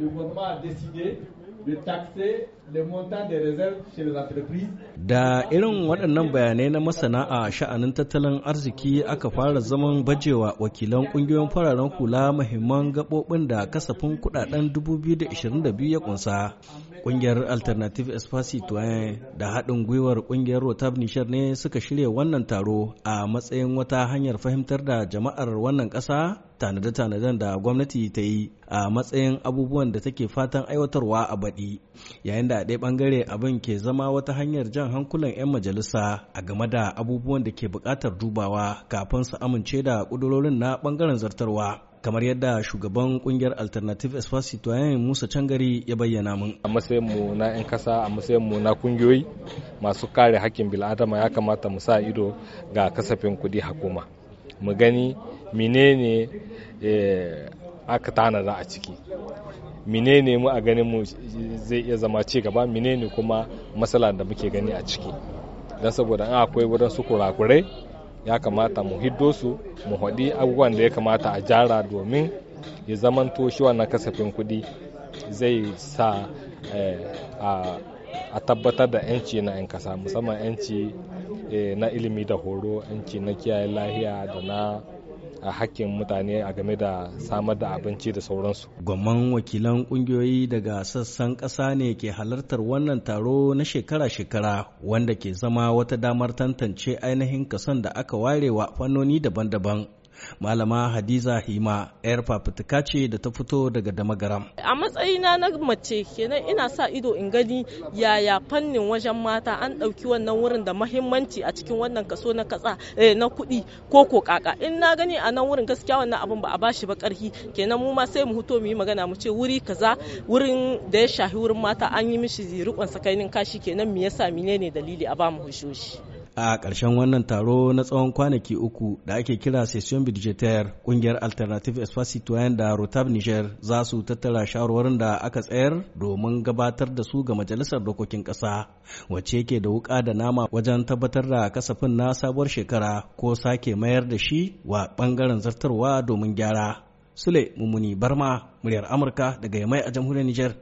le gouvernement a décidé de taxer le montant des réserves chez les entreprises. Da irin waɗannan bayanai na masana sha'anin tattalin arziki aka fara zaman bajewa wakilan ƙungiyoyin fararen hula mahimman gaɓoɓin da kasafin kuɗaɗen 2022 ya ƙunsa. Ƙungiyar Alternative Espace da haɗin gwiwar ƙungiyar Rotab Nishar ne suka shirya wannan taro a matsayin wata hanyar fahimtar da jama'ar wannan ƙasa tanade-tanaden da gwamnati ta yi a matsayin abubuwan da take fatan aiwatarwa a baɗi yayin da a ɗaya ɓangare abin ke zama wata hanyar jan hankulan 'yan majalisa a game da abubuwan da ke buƙatar dubawa kafin su amince da ƙudurorin na ɓangaren zartarwa kamar yadda shugaban kungiyar alternative espace citoyen musa cangari ya bayyana mun a matsayin mu na 'yan kasa a matsayin mu na kungiyoyi masu kare hakkin bil'adama ya kamata mu sa ido ga kasafin kudi hakuma mu gani menene eh, aka tanada a ciki menene mu a ganin mu zai iya zama ci gaba menene kuma matsala da muke gani a ciki don saboda in akwai wurin su kurakurai ya kamata mu hiddo su mu haɗi abubuwan da ya kamata a jara domin ya zamanto shi wannan kasafin kuɗi zai sa eh, a a tabbatar da 'yanci na 'yan kasa musamman 'yanci eh, na ilimi da horo 'yanci na kiyaye lahiya da na a hakkin mutane a game da samar da abinci da sauransu. Gwamman wakilan kungiyoyi daga sassan ƙasa ne ke halartar wannan taro na shekara-shekara wanda ke zama wata damar tantance ainihin kason da aka ware wa fannoni daban-daban Malama Hadiza Hima ‘yar fafutuka ce da ta fito daga Damagaram. A matsayina na mace kenan ina sa ido in gani yaya fannin wajen mata an ɗauki wannan wurin da mahimmanci a cikin wannan kaso na katsa eh, na kuɗi ko ko kaka. In na gani a nan wurin gaskiya wannan abin ba a bashi ba ƙarfi kenan mu ma sai mu hito mu yi magana mu ce wuri kaza wurin da ya shahi wurin mata an yi mishi riƙon sakainin kashi kenan me yasa menene dalili a ba mu hushoshi. a ƙarshen wannan taro na tsawon kwanaki uku da ake kira session budgetaire ƙungiyar alternative espace citoyen da rotab niger za su tattara shawarwarin da aka tsayar domin gabatar da su ga majalisar dokokin ƙasa wacce yake da wuƙa da nama wajen tabbatar da kasafin na sabuwar shekara ko sake mayar da shi wa ɓangaren zartarwa domin gyara sule mummuni barma muryar amurka daga yamai a jamhuriyar niger